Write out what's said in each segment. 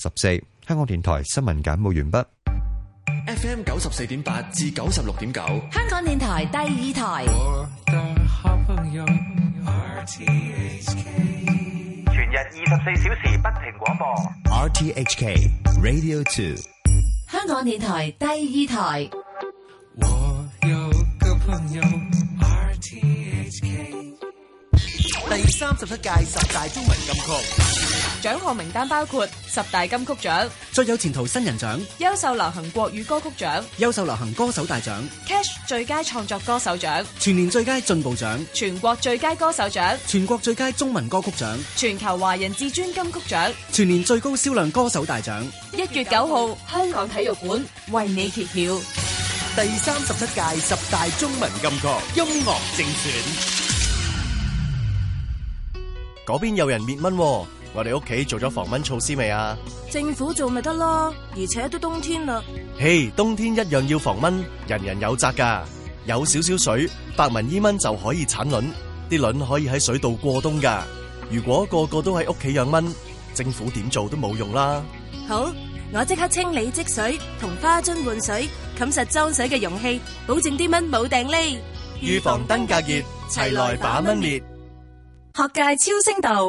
十四香港電台新聞簡報完畢。FM 九十四點八至九十六點九，香港電台第二台。我的好朋友 RTHK，全日二十四小時不停廣播。RTHK Radio Two，香港電台第二台。我的好朋友 RTHK 第三十七屆十大中文金曲。獎項名單包括十大金曲獎、最有前途新人獎、優秀流行國語歌曲獎、優秀流行歌手大獎、Cash 最佳創作歌手獎、全年最佳進步獎、全國最佳歌手獎、全國最佳中文歌曲獎、全球華人至尊金曲獎、全年最高銷量歌手大獎。一月九號，香港體育館為你揭曉第三十七屆十大中文金曲音樂正選。嗰邊有人滅蚊喎。我哋屋企做咗防蚊措施未啊？政府做咪得咯，而且都冬天啦。嘿，冬天一樣要防蚊，人人有責噶。有少少水，白紋伊蚊就可以產卵，啲卵可以喺水度過冬噶。如果個個都喺屋企養蚊，政府點做都冇用啦。好，我即刻清理積水同花樽換水，冚實裝水嘅容器，保證啲蚊冇訂匿。預防登革熱，齊來把蚊滅。學界超聲道。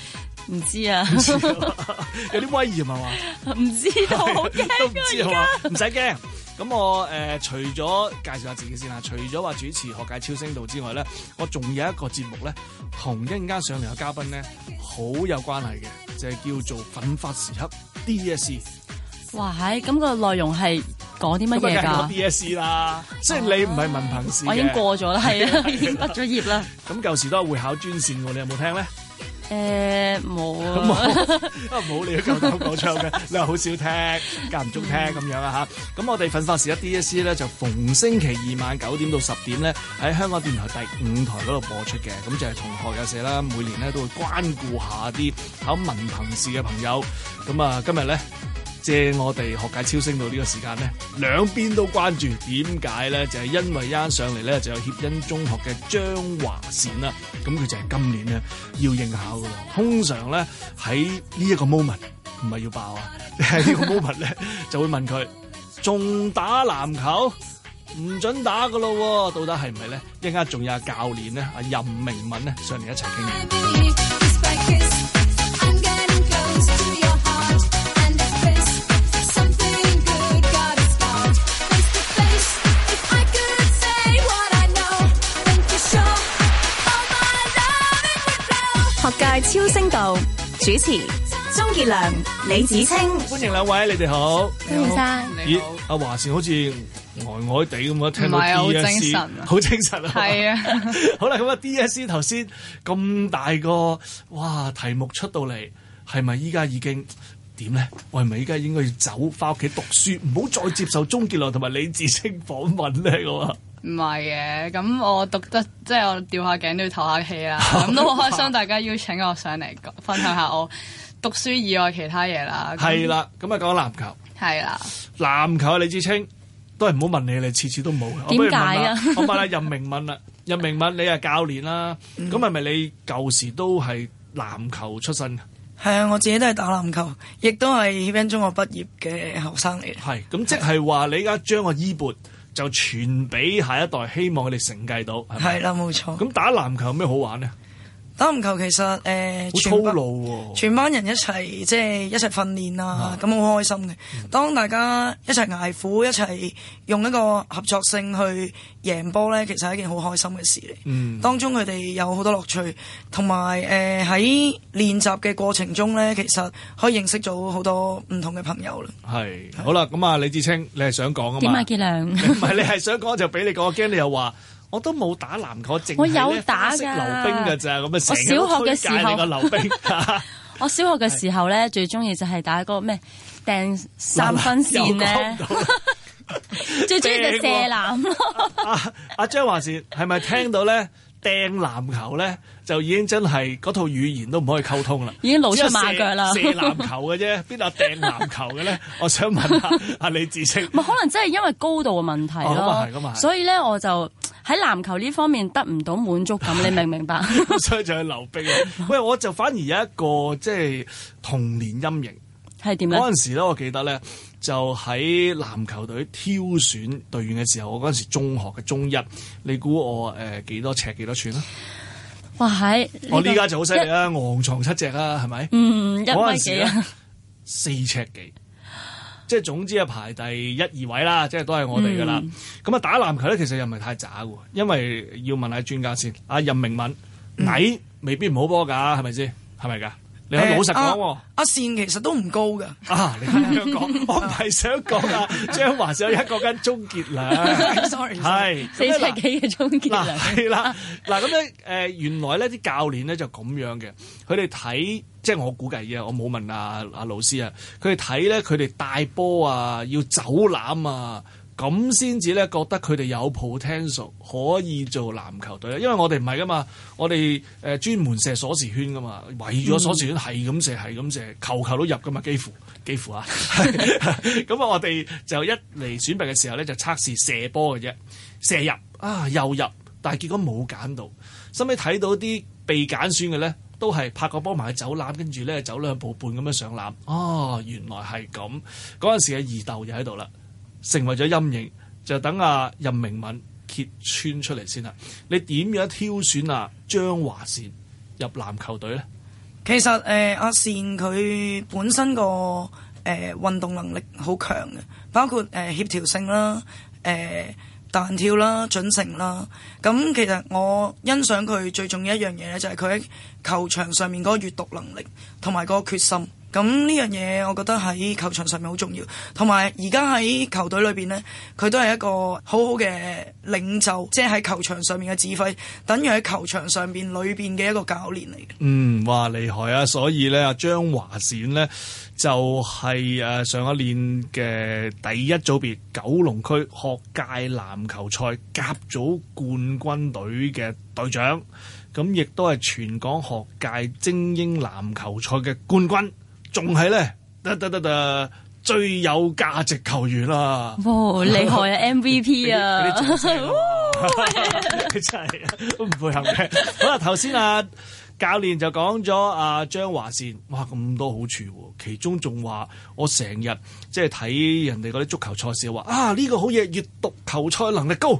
唔知啊， 有啲威嚴係嘛？唔知道，好驚噶，唔使驚。咁我誒、呃、除咗介紹下自己先啦，除咗話主持《學界超聲道》之外咧，我仲有一個節目咧，同一陣間上嚟嘅嘉賓咧好有關係嘅，就係、是、叫做《奮發時刻》DSE。哇，係咁個內容係講啲乜嘢㗎？咁咪講 DSE 啦、啊，即係你唔係文憑試，我已經過咗啦，係啊， 已經畢咗業啦。咁舊時都係會考專線喎，你有冇聽咧？誒，冇啊、嗯，冇你都夠膽講唱嘅，你係好少聽，間唔中聽咁樣啊吓。咁、嗯、我哋《奮發時一啲一思》咧，就逢星期二晚九點到十點咧，喺香港電台第五台嗰度播出嘅。咁就係同學有事啦，每年咧都會關顧下啲考文憑試嘅朋友。咁啊，今日咧。借我哋學界超升到呢個時間咧，兩邊都關注點解咧？就係、是、因為一上嚟咧就有協恩中學嘅張華倩啦，咁佢就係今年咧要應考嘅。通常咧喺呢一個 moment 唔係要爆啊，喺 呢個 moment 咧就會問佢仲打籃球唔準打嘅咯，到底係唔係咧？一陣間仲有教練咧，阿任明敏咧，上嚟一齊傾。超聲道主持鍾傑良、李芷菁，歡迎兩位，你哋好，張先生，你好。阿華倩好似呆呆地咁樣，聽到 D S C，好精神啊。係啊，好啦，咁啊，D S C 頭先咁大個，哇，題目出到嚟，係咪依家已經點咧？我係咪依家應該要走翻屋企讀書，唔好再接受鍾傑良同埋李芷菁訪問咧？唔係嘅，咁我讀得即係我吊下頸都要唞下氣啦，咁都好開心。大家邀請我上嚟分享下我讀書以外其他嘢啦。係啦，咁啊講籃球。係啦的，籃球啊，李芷菁都係唔好問你，你次次都冇。點解何啊？我問下任明敏啦，任明敏你係教練啦，咁係咪你舊時都係籃球出身噶？係啊，我自己都係打籃球，亦都係協恩中學畢業嘅學生嚟。係，咁即係話你而家將個衣缽。就傳俾下一代，希望佢哋承繼到。係啦，冇錯。咁打籃球有咩好玩呢？打籃球其實誒、呃、全，全班人一齊即係一齊訓練啊，咁好是開心嘅。當大家一齊捱苦，一齊用一個合作性去贏波咧，其實係一件好開心嘅事嚟。嗯、當中佢哋有好多樂趣，同埋誒喺練習嘅過程中咧，其實可以認識到好多唔同嘅朋友啦。係是是好啦，咁啊李芷菁，你係想講啊嘛？點啊傑良？唔係 你係想講就俾你講，我驚你又話。我都冇打籃球，我有打㗎溜冰嘅咋，咁我小學嘅時候咧，溜冰。我小學嘅時候咧，最中意就係打個咩掟三分線咧，最中意就射籃咯。阿阿張華倩，係咪聽到咧掟籃球咧，就已經真係嗰套語言都唔可以溝通啦，已經露出馬腳啦。射籃球嘅啫，邊度有掟籃球嘅咧？我想問下阿李芷菁。唔係，可能真係因為高度嘅問題咯，所以咧我就。喺籃球呢方面得唔到滿足感，你明唔明白？所以就去溜冰，啊。喂，我就反而有一個即係、就是、童年陰影，係點咧？嗰陣時咧，我記得咧，就喺籃球隊挑選隊員嘅時候，我嗰陣時中學嘅中一，你估我誒、呃、幾多尺幾多寸啊？哇！喺我呢家就好犀利啦，一昂藏七隻啦、啊，係咪？嗯，一米幾啊？四尺幾？即係總之啊，排第一二位啦，即係都係我哋噶啦。咁啊、嗯，打籃球咧，其實又唔係太渣㗎，因為要問下專家先。阿任明敏，矮、嗯、未必唔好波㗎，係咪先？係咪㗎？你老實講、欸啊啊，阿倩其實都唔高噶。啊，你咁樣講，我唔係想講啊。張華只有一個斤鍾傑良，sorry，係四呎幾嘅鍾傑良。嗱，係啦，嗱咁咧，誒原來咧啲教練咧就咁樣嘅，佢哋睇，即係我估計嘅，我冇問阿阿老師啊，佢哋睇咧，佢哋帶波啊，要走籃啊。咁先至咧，覺得佢哋有 potential 可、可以做籃球隊啦。因為我哋唔係噶嘛，我哋誒專門射鎖匙圈噶嘛，圍咗個鎖匙圈係咁、嗯、射，係咁射，球球都入噶嘛，幾乎幾乎、幾乎啊。咁啊，我哋就一嚟選拔嘅時候咧，就測試射波嘅啫，射入啊，又入，但係結果冇揀到。後尾睇到啲被揀選嘅咧，都係拍個波埋去走籃，跟住咧走兩步半咁樣上籃。哦、啊，原來係咁，嗰陣時嘅二竇就喺度啦。成為咗陰影，就等阿、啊、任明敏揭穿出嚟先啦。你點樣挑選啊張華倩入籃球隊呢？其實誒、呃、阿倩佢本身個誒運動能力好強嘅，包括誒協調性啦、誒、呃、彈跳啦、準繩啦。咁、呃、其實我欣賞佢最重要一樣嘢咧，就係佢喺球場上面嗰個閲讀能力同埋個決心。咁呢樣嘢，我覺得喺球場上面好重要。同埋而家喺球隊裏邊呢，佢都係一個好好嘅領袖，即係喺球場上面嘅指揮，等於喺球場上邊裏邊嘅一個教練嚟嘅。嗯，哇，厲害啊！所以呢，張華倩呢，就係誒上一年嘅第一組別九龍區學界籃球賽甲組冠軍隊嘅隊長，咁亦都係全港學界精英籃球賽嘅冠軍。仲係咧，得得得得，最有價值球員啦，啊！哇，厲害啊！M V P 啊！ 真係都唔配合嘅。 好啦，頭先啊，教練就講咗啊，張華倩，哇，咁多好處喎。其中仲話我成日即係睇人哋嗰啲足球賽事，話啊呢個好嘢，閲讀球賽能力高。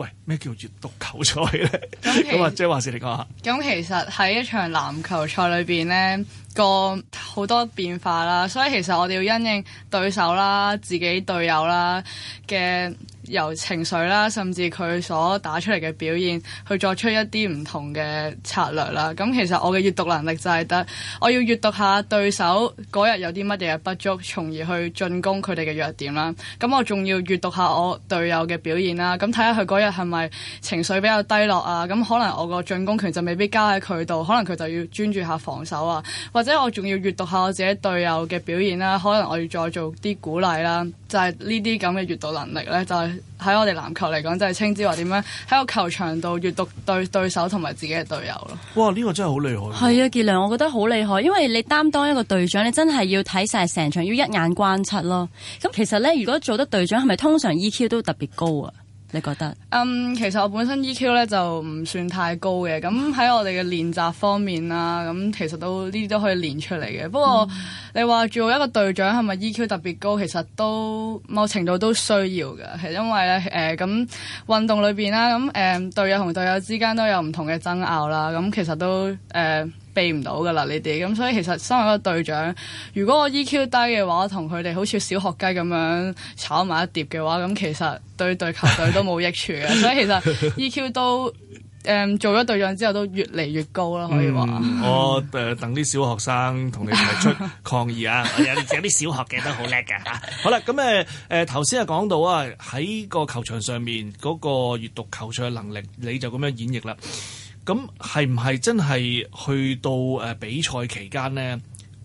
喂，咩叫閱讀球賽咧？咁或者話事你講下？咁其實喺 一場籃球賽裏邊咧，個好多變化啦，所以其實我哋要因應對手啦、自己隊友啦嘅。由情緒啦，甚至佢所打出嚟嘅表現，去作出一啲唔同嘅策略啦。咁其實我嘅閱讀能力就係得，我要閱讀下對手嗰日有啲乜嘢不足，從而去進攻佢哋嘅弱點啦。咁我仲要閱讀下我隊友嘅表現啦。咁睇下佢嗰日係咪情緒比較低落啊？咁可能我個進攻權就未必交喺佢度，可能佢就要專注下防守啊。或者我仲要閱讀下我自己隊友嘅表現啦。可能我要再做啲鼓勵啦。就係呢啲咁嘅閱讀能力呢。就係。喺我哋籃球嚟講，就係、是、稱之為點樣喺個球場度閱讀對對手同埋自己嘅隊友咯。哇，呢、這個真係好厲害。係啊，傑良，我覺得好厲害，因為你擔當一個隊長，你真係要睇晒成場，要一眼關七咯。咁其實咧，如果做得隊長，係咪通常 EQ 都特別高啊？你覺得？嗯，um, 其實我本身 EQ 咧就唔算太高嘅，咁喺我哋嘅練習方面啦，咁其實都呢啲都可以練出嚟嘅。不過、嗯、你話做一個隊長係咪 EQ 特別高？其實都某程度都需要嘅，係因為咧，誒咁運動裏邊啦，咁、呃、誒隊友同隊友之間都有唔同嘅爭拗啦，咁其實都誒。呃避唔到㗎喇，你哋。咁所以其實身為一個隊長，如果我 EQ 低嘅話，同佢哋好似小學雞咁樣炒埋一碟嘅話，咁其實對隊球隊都冇益處嘅。 所以其實 EQ 都誒、嗯、做咗隊長之後都越嚟越高啦，可以話、嗯。我誒等啲小學生同你提出抗議啊！ 有啲小學嘅都好叻嘅嚇。 好啦，咁誒誒頭先啊講到啊喺個球場上面嗰、那個閱讀球賽嘅能力，你就咁樣演繹啦。咁係唔係真係去到誒、呃、比賽期間咧？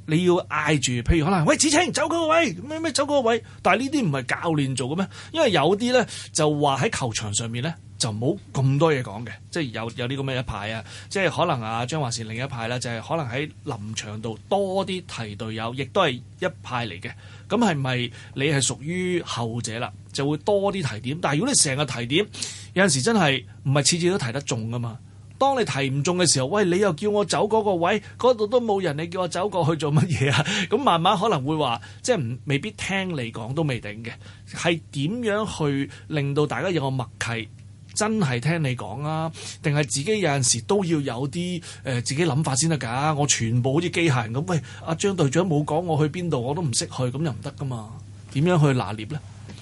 你要嗌住，譬如可能喂，子青，走嗰個位，咩咩走嗰個位。但係呢啲唔係教練做嘅咩？因為有啲咧就話喺球場上面咧就冇咁多嘢講嘅，即係有有啲咁嘅一派啊。即係可能啊張華倩另一派啦、啊，就係、是、可能喺臨場度多啲提隊友，亦都係一派嚟嘅。咁係咪你係屬於後者啦？就會多啲提點，但係如果你成日提點，有陣時真係唔係次次都提得中噶嘛？當你提唔中嘅時候，喂，你又叫我走嗰個位，嗰度都冇人，你叫我走過去做乜嘢啊？咁 慢慢可能會話，即係唔未必聽你講都未定嘅，係點樣去令到大家有個默契？真係聽你講啊，定係自己有陣時都要有啲誒、呃、自己諗法先得㗎。我全部好似機械人咁，喂，阿張隊長冇講我去邊度，我都唔識去，咁又唔得㗎嘛？點樣去拿捏咧？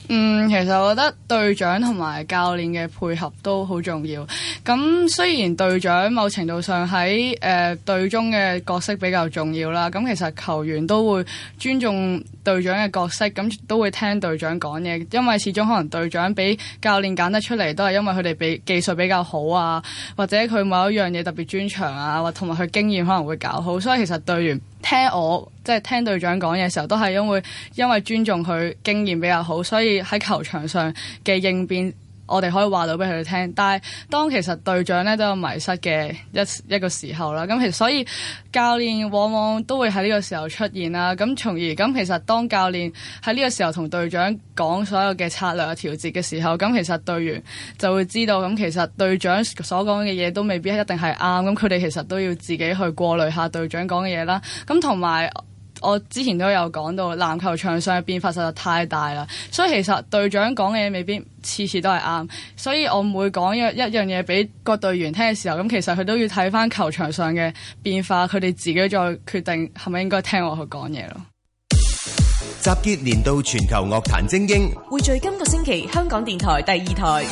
嗯，其實我覺得隊長同埋教練嘅配合都好重要。咁雖然隊長某程度上喺誒、呃、隊中嘅角色比較重要啦，咁其實球員都會尊重隊長嘅角色，咁都會聽隊長講嘢，因為始終可能隊長俾教練揀得出嚟，都係因為佢哋比技術比較好啊，或者佢某一樣嘢特別專長啊，或同埋佢經驗可能會搞好，所以其實隊員。聽我即係聽隊長講嘢嘅時候，都係因為因為尊重佢經驗比較好，所以喺球場上嘅應變。我哋可以話到俾佢哋聽，但係當其實隊長咧都有迷失嘅一一個時候啦。咁其實所以教練往往都會喺呢個時候出現啦。咁從而咁其實當教練喺呢個時候同隊長講所有嘅策略啊、調節嘅時候，咁其實隊員就會知道咁其實隊長所講嘅嘢都未必一定係啱。咁佢哋其實都要自己去過濾下隊長講嘅嘢啦。咁同埋。我之前都有講到籃球場上嘅變化實在太大啦，所以其實隊長講嘅嘢未必次次都係啱，所以我每講一一樣嘢俾各隊員聽嘅時候，咁其實佢都要睇翻球場上嘅變化，佢哋自己再決定係咪應該聽我去講嘢咯。集結年度全球樂壇精英，會聚今個星期香港電台第二台，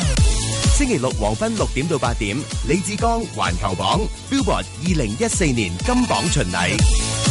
星期六黃昏六點到八點，李志剛《環球榜》Billboard 二零一四年金榜巡禮。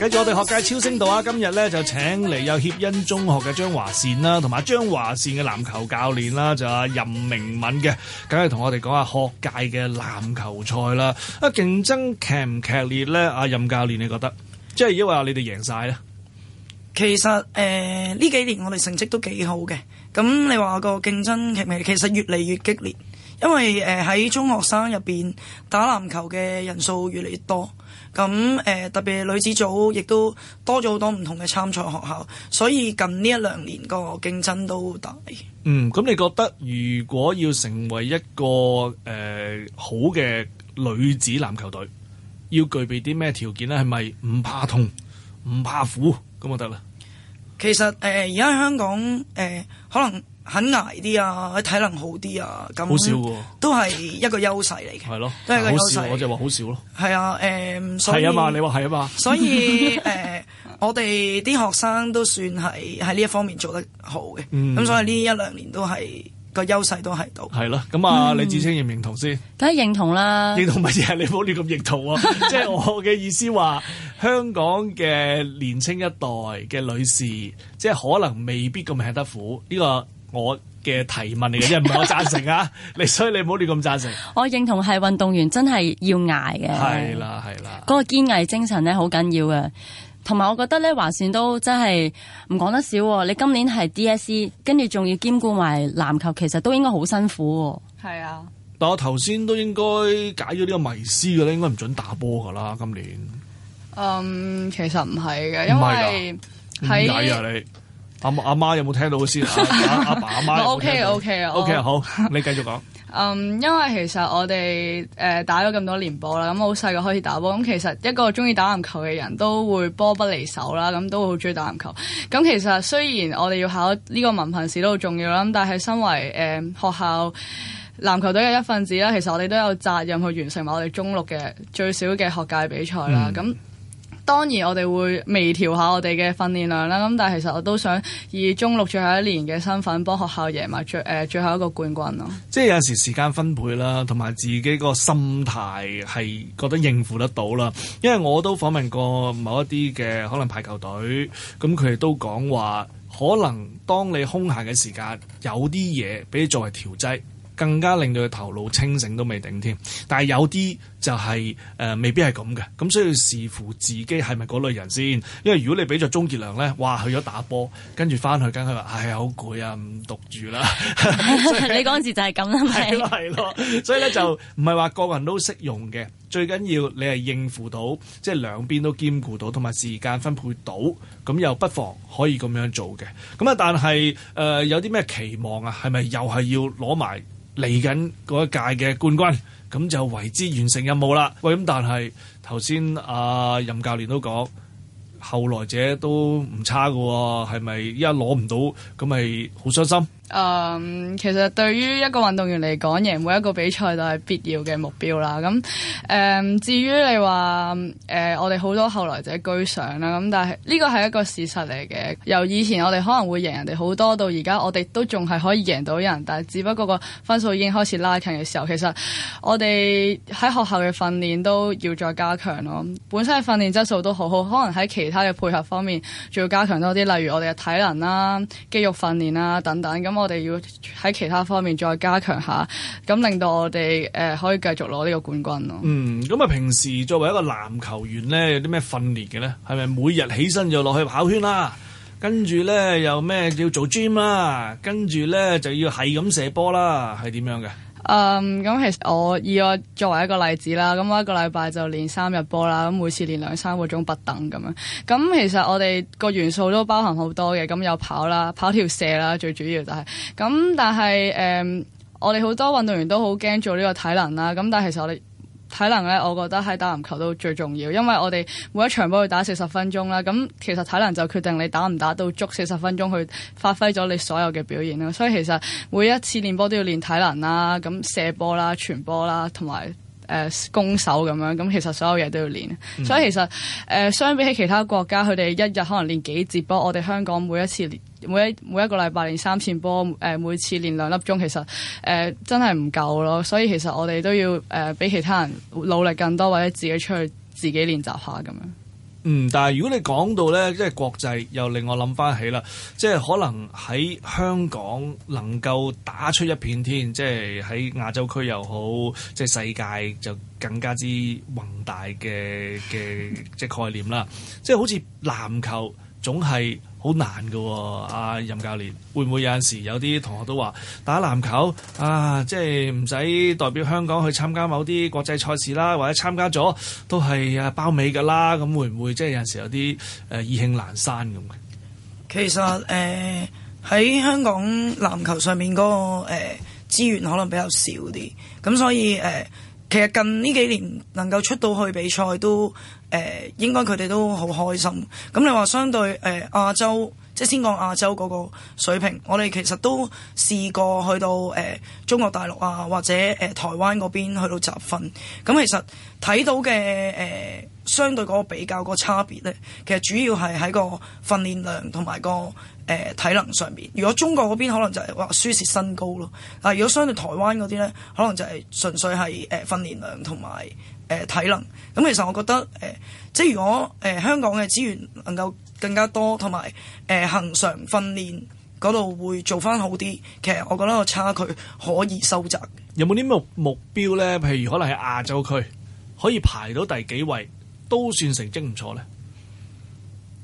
跟住我哋學界超聲道啊！今日咧，就請嚟有協恩中學嘅張華倩啦，同埋張華倩嘅籃球教練啦，就阿、啊、任明敏嘅，梗係同我哋講下學界嘅籃球賽啦。啊，競爭劇唔劇烈咧？阿、啊、任教練你覺得，即係因為你哋贏晒咧？其實誒、呢、呃、幾年我哋成績都幾好嘅。咁你話個競爭劇未？其實越嚟越激烈，因為誒喺、呃、中學生入邊打籃球嘅人數越嚟越多。咁誒、呃，特別係女子組亦都多咗好多唔同嘅參賽學校，所以近呢一兩年個競爭都大。嗯，咁你覺得如果要成為一個誒、呃、好嘅女子籃球隊，要具備啲咩條件咧？係咪唔怕痛、唔怕苦咁就得啦？其實誒，而、呃、家香港誒、呃，可能。肯捱啲啊，體能好啲啊，咁都係一個優勢嚟嘅。係咯 的，都係一個優勢。我就話好少咯。係啊，誒，所以係啊嘛，你話係啊嘛。所以誒，uh，我哋啲學生都算係喺呢一方面做得好嘅，咁、嗯、所以呢一兩年都係個優勢都係到。係咯，咁啊，李芷菁認唔認同先？梗係、嗯、認同啦。認同咪而係你好，你咁認同啊？即係 我嘅意思話，香港嘅年青一代嘅女士，即、就、係、是、可能未必咁吃得苦呢、這個。我嘅提問嚟嘅，唔係我贊成啊！ 你所以你唔好亂咁贊成。我認同係運動員真係要捱嘅，係啦係啦，嗰個堅毅精神咧好緊要嘅。同埋我覺得咧，華倩都真係唔講得少啊。你今年係 DSE，跟住仲要兼顧埋籃球，其實都應該好辛苦。係啊，的但我頭先都應該解咗呢個迷思嘅啦，應該唔准打波噶啦。今年嗯，其實唔係嘅，因為唔解啊你。阿阿媽有冇聽到先？阿爸阿媽？O K O K，O K 好，你繼續講。嗯，um, 因為其實我哋誒打咗咁多年波啦，咁好細個開始打波，咁其實一個中意打籃球嘅人都會波不離手啦，咁都會好中意打籃球。咁其實雖然我哋要考呢個文憑試都好重要啦，咁但係身為誒學校籃球隊嘅一份子啦，其實我哋都有責任去完成埋我哋中六嘅最少嘅學界比賽啦。咁。Mm. 當然，我哋會微調下我哋嘅訓練量啦。咁但係其實我都想以中六最後一年嘅身份幫學校贏埋最誒、呃、最後一個冠軍咯。即係有時時間分配啦，同埋自己個心態係覺得應付得到啦。因為我都訪問過某一啲嘅可能排球隊，咁佢哋都講話可能當你空閒嘅時間有啲嘢俾你作為調劑。更加令到佢頭腦清醒都未定添，但係有啲就係、是、誒、呃、未必係咁嘅，咁所以視乎自己係咪嗰類人先。因為如果你畀咗鍾傑良咧，哇去咗打波，跟住翻去跟佢話，唉、哎、好攰啊，唔讀住啦。你嗰陣時就係咁啦，咪係咯，所以咧就唔係話個人都適用嘅，最緊要你係應付到，即、就、係、是、兩邊都兼顧到，同埋時間分配到，咁又不妨可以咁樣做嘅。咁啊，但係誒有啲咩期望啊？係咪又係要攞埋？嚟緊嗰一屆嘅冠軍，咁就為之完成任務啦。喂，咁但係頭先阿任教練都講，後來者都唔差嘅喎、啊，係咪依家攞唔到，咁咪好傷心？誒，um, 其實對於一個運動員嚟講，贏每一個比賽都係必要嘅目標啦。咁、嗯、誒，至於你話誒、呃，我哋好多後來者居上啦。咁但係呢個係一個事實嚟嘅。由以前我哋可能會贏人哋好多，到而家我哋都仲係可以贏到人，但係只不過個分數已經開始拉近嘅時候，其實我哋喺學校嘅訓練都要再加強咯。本身嘅訓練質素都好好，可能喺其他嘅配合方面，仲要加強多啲，例如我哋嘅體能啦、肌肉訓練啦等等。咁我哋要喺其他方面再加強下，咁令到我哋誒、呃、可以繼續攞呢個冠軍咯。嗯，咁啊，平時作為一個籃球員咧，有啲咩訓練嘅咧？係咪每日起身就落去跑圈啦、啊？跟住咧又咩叫做 gym 啦、啊？跟住咧就要係咁射波啦、啊？係點樣嘅？嗯、咁、um, 其實我以我作為一個例子啦，咁我一個禮拜就練三日波啦，咁每次練兩三個鐘不等咁樣。咁其實我哋個元素都包含好多嘅，咁有跑啦，跑條蛇啦，最主要就係、是。咁但係誒、嗯，我哋好多運動員都好驚做呢個體能啦。咁但係其實我哋。體能咧，我覺得喺打籃球都最重要，因為我哋每一場波要打四十分鐘啦。咁其實體能就決定你打唔打到足四十分鐘去發揮咗你所有嘅表現啦。所以其實每一次練波都要練體能啦，咁射波啦、傳波啦，同埋誒攻守咁樣。咁其實所有嘢都要練。嗯、所以其實誒、呃、相比起其他國家，佢哋一日可能練幾節波，我哋香港每一次練。每一每一個禮拜練三次波，誒、呃、每次練兩粒鐘，其實誒、呃、真係唔夠咯。所以其實我哋都要誒、呃、比其他人努力更多，或者自己出去自己練習下咁樣。嗯，但係如果你講到咧，即係國際，又令我諗翻起啦，即係可能喺香港能夠打出一片天，即係喺亞洲區又好，即係世界就更加之宏大嘅嘅即係概念啦。即係好似籃球總係。好難㗎喎，阿、啊、任教練會唔會有陣時有啲同學都話打籃球啊，即係唔使代表香港去參加某啲國際賽事啦，或者參加咗都係啊包尾㗎啦，咁、啊、會唔會即係有陣時有啲誒意興難生意興闌珊咁嘅？啊、其實誒喺、呃、香港籃球上面嗰、那個誒、呃、資源可能比較少啲，咁所以誒。呃其實近呢幾年能夠出到去比賽都，都、呃、誒應該佢哋都好開心。咁你話相對誒、呃、亞洲，即係先講亞洲嗰個水平，我哋其實都試過去到誒、呃、中國大陸啊，或者誒、呃、台灣嗰邊去到集訓。咁其實睇到嘅誒。呃相對嗰個比較，個差別呢，其實主要係喺個訓練量同埋個誒、呃、體能上面。如果中國嗰邊可能就係、是、話、呃、輸蝕身高咯，但如果相對台灣嗰啲呢，可能就係純粹係誒、呃、訓練量同埋誒體能。咁、嗯、其實我覺得誒、呃，即係如果誒、呃、香港嘅資源能夠更加多，同埋誒恆常訓練嗰度會做翻好啲。其實我覺得個差距可以收窄。有冇啲咩目標呢？譬如可能係亞洲區可以排到第幾位？都算成績唔錯咧。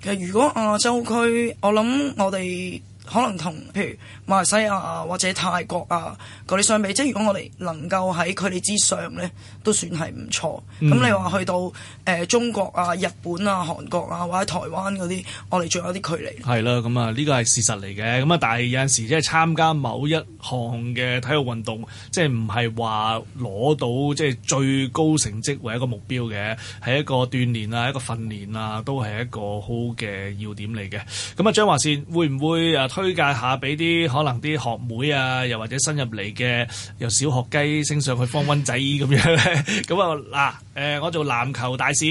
其實如果亞洲區，我諗我哋，可能同譬如馬來西亞啊或者泰國啊嗰啲相比，即係如果我哋能夠喺佢哋之上咧，都算係唔錯。咁、嗯、你話去到誒、呃、中國啊、日本啊、韓國啊或者台灣嗰啲，我哋仲有啲距離係啦，咁啊呢個係事實嚟嘅。咁啊，但係有陣時即係參加某一項嘅體育運動，即係唔係話攞到即係、就是、最高成績為一個目標嘅，係一個鍛煉啊，一個訓練啊，都係一個好嘅要點嚟嘅。咁啊，張華倩會唔會啊？推介下俾啲可能啲學妹啊，又或者新入嚟嘅由小學雞升上去方温仔咁樣咧，咁啊嗱，誒我做籃球大使，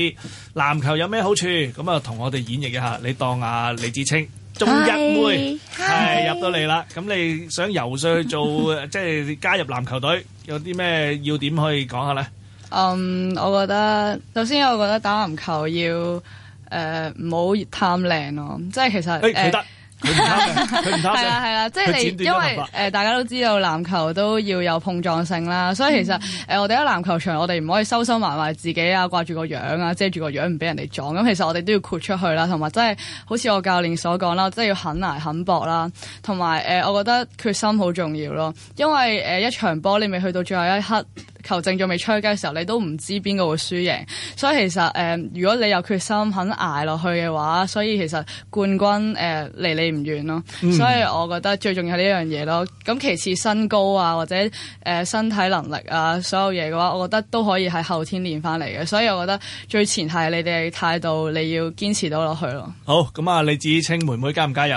籃球有咩好處？咁啊同我哋演繹一下，你當啊李芷菁中一妹係入到嚟啦，咁你想游說去做即係加入籃球隊有啲咩要點可以講下咧？嗯，我覺得首先我覺得打籃球要誒唔好貪靚咯，即係其實誒。係啦係啦，即係你因為誒、呃、大家都知道籃球都要有碰撞性啦，所以其實誒、嗯呃、我哋喺籃球場我哋唔可以收收埋埋自己啊，掛住個樣啊，遮住個樣唔俾人哋撞。咁、嗯、其實我哋都要豁出去啦，同埋真係好似我教練所講、就是、啦，即係要肯挨肯搏啦，同埋誒我覺得決心好重要咯，因為誒、呃、一場波你未去到最後一刻。球證仲未出街嘅時候，你都唔知邊個會輸贏，所以其實誒、呃，如果你有決心肯挨落去嘅話，所以其實冠軍誒離你唔遠咯。呃離離遠，嗯、所以我覺得最重要係呢樣嘢咯。咁其次身高啊，或者誒、呃、身體能力啊，所有嘢嘅話，我覺得都可以喺後天練翻嚟嘅。所以我覺得最前係你哋態度，你要堅持到落去咯。好，咁啊，李芷菁妹妹加唔加入？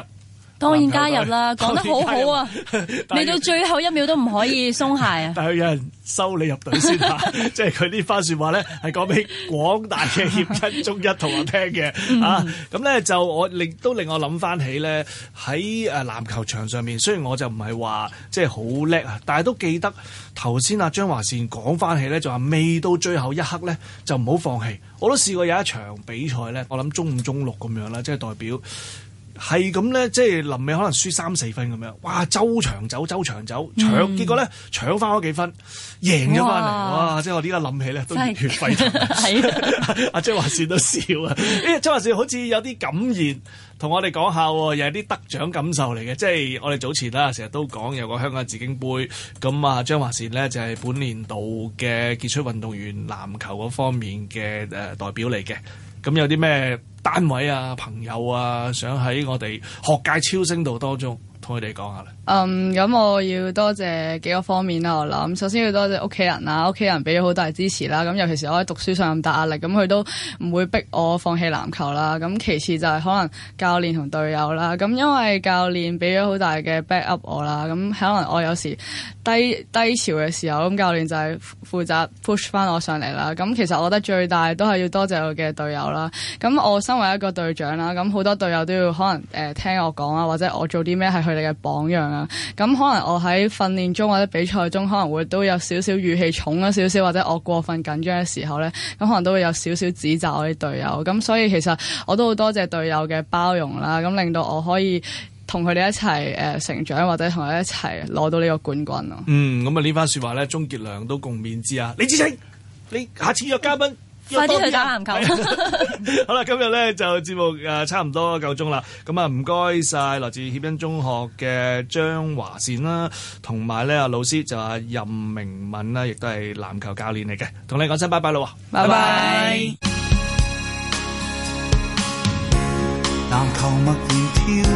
當然加入啦，講得好好啊！然未到最後一秒都唔可以鬆懈啊！但係 有人收你入隊先啊！ 即係佢呢番説話咧，係講俾廣大嘅協恩中一同學聽嘅、 嗯、啊！咁咧就我亦都令我諗翻起咧，喺誒、啊、籃球場上面，雖然我就唔係話即係好叻啊，但係都記得頭先阿張華倩講翻起咧，就話未到最後一刻咧就唔好放棄。我都試過有一場比賽咧，我諗中五中六咁樣啦，即係代表。係咁咧，即係臨尾可能輸三四分咁樣，哇！周長走，周長走，搶，嗯、結果咧搶翻嗰幾分，贏咗翻嚟，哇，哇！即係我依家諗起咧，是都熱血沸騰。係啊 的， 張華倩都笑啊！咦、欸，張華倩好似有啲感言，同我哋講下喎，又係啲得獎感受嚟嘅，即係我哋早前啦，成日都講有個香港紫荊盃，咁啊張華倩咧就係、是、本年度嘅傑出運動員籃球嗰方面嘅誒代表嚟嘅。咁有啲咩單位啊、朋友啊，想喺我哋學界超聲度當中，同佢哋講下啦。嗯，咁我要多謝幾個方面啦。我諗首先要多謝屋企人啦，屋企人俾咗好大支持啦。咁尤其是我喺讀書上咁大壓力，咁佢都唔會逼我放棄籃球啦。咁其次就係可能教練同隊友啦。咁因為教練俾咗好大嘅 back up 我啦。咁可能我有時。低低潮嘅時候，咁教練就係負責 push 翻我上嚟啦。咁其實我覺得最大都係要多謝我嘅隊友啦。咁我身為一個隊長啦，咁好多隊友都要可能誒、呃、聽我講啊，或者我做啲咩係佢哋嘅榜樣啊。咁可能我喺訓練中或者比賽中可能會都有少少語氣重咗少少，或者我過分緊張嘅時候咧，咁可能都會有少少指責我啲隊友。咁所以其實我都好多謝隊友嘅包容啦，咁令到我可以。同佢哋一齊誒成長，或者同佢一齊攞到呢個冠軍咯。嗯，咁啊呢番說話咧，鍾傑良都共勉之啊！李芷菁，你下次約嘉賓，嗯、快啲去打籃球。 好啦，今日咧就節目誒、啊、差唔多夠鐘啦。咁啊唔該晒，來自協恩中學嘅張華倩、啊啊啊、拜拜啦，同埋咧阿老師就阿任明敏啦，亦都係籃球教練嚟嘅。同你講聲拜拜咯，話拜拜。籃球默然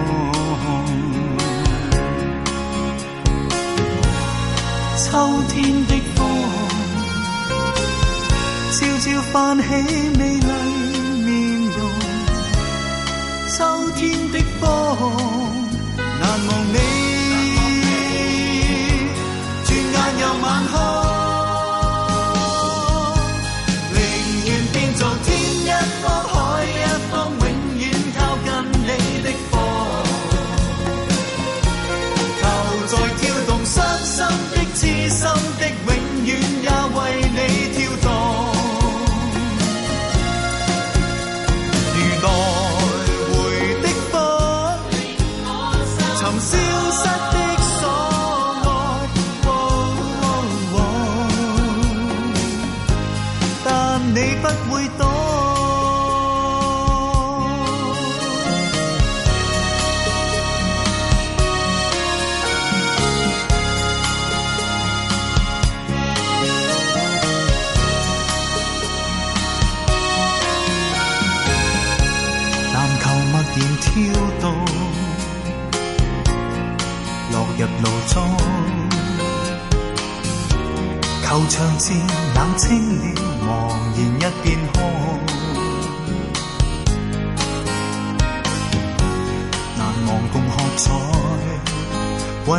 秋天的風，悄悄泛起美麗面容。秋天的風，難忘你。消失的所愛，但你不會懂。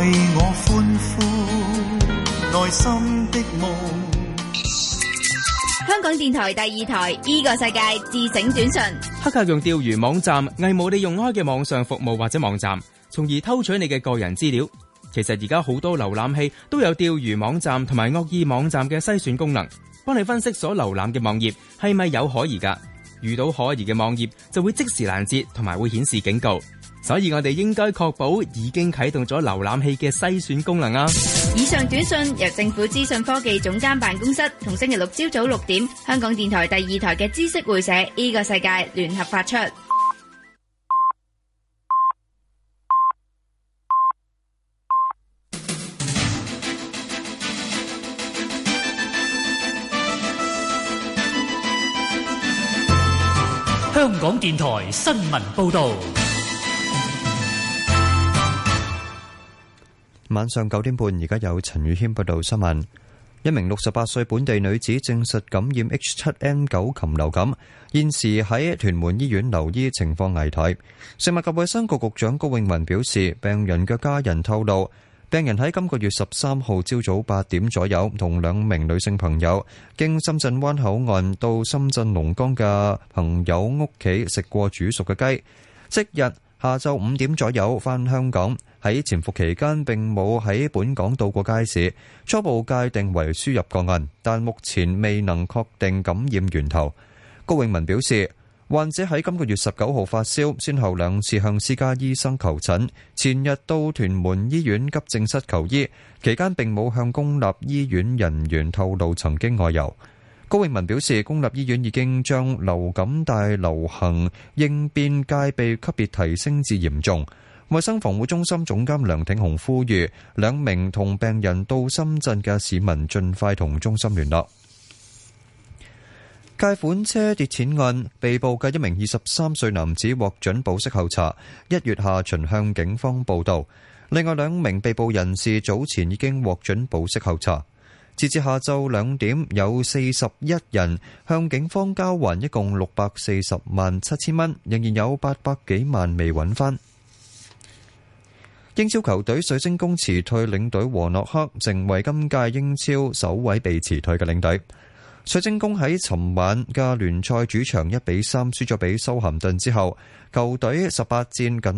香港電台第二台，呢個世界自醒短信。黑客用釣魚網站，偽冒你用開嘅網上服務或者網站，從而偷取你嘅個人資料。其實而家好多瀏覽器都有釣魚網站同埋惡意網站嘅篩選功能，幫你分析所瀏覽嘅網頁係咪有可疑噶。遇到可疑嘅網頁，就會即時攔截同埋會顯示警告。所以我哋應該確保已經啟動咗瀏覽器嘅篩選功能啊！以上短訊由政府資訊科技總監辦公室同星期六朝早六點香港電台第二台嘅知識會社呢個世界聯合發出。香港電台新聞報道。晚上九點半，而家有陳宇軒報道新聞。一名六十八歲本地女子證實感染 H 七 N 九禽流感，現時喺屯門醫院留醫，情況危殆。食物及衛生局局長高永文表示，病人嘅家人透露，病人喺今個月十三號朝早八點左右同兩名女性朋友經深圳灣口岸到深圳龍崗嘅朋友屋企食過煮熟嘅雞，即日下晝五點左右返香港。喺潛伏期間並冇喺本港到過街市，初步界定為輸入個案，但目前未能確定感染源頭。高永文表示，患者喺今個月十九號發燒，先後兩次向私家醫生求診，前日到屯門醫院急症室求醫，期間並冇向公立醫院人員透露曾經外遊。高永文表示，公立醫院已經將流感大流行應變戒備級別提升至嚴重。衛生防護中心總監梁挺雄呼籲兩名同病人到深圳嘅市民盡快同中心聯絡。解款車跌錢案被捕嘅一名二十三歲男子獲准保釋候查，一月下旬向警方報導。另外兩名被捕人士早前已經獲准保釋候查。截至下晝兩點，有四十一人向警方交還，一共六百四十萬七千蚊，仍然有八百幾萬未揾返。英超球隊水晶宮辭退領隊華諾克，成為今屆英超首位被辭退嘅領隊。水晶宮喺尋晚嘅聯賽主場一比三輸咗俾修咸頓之後，球隊十八戰僅。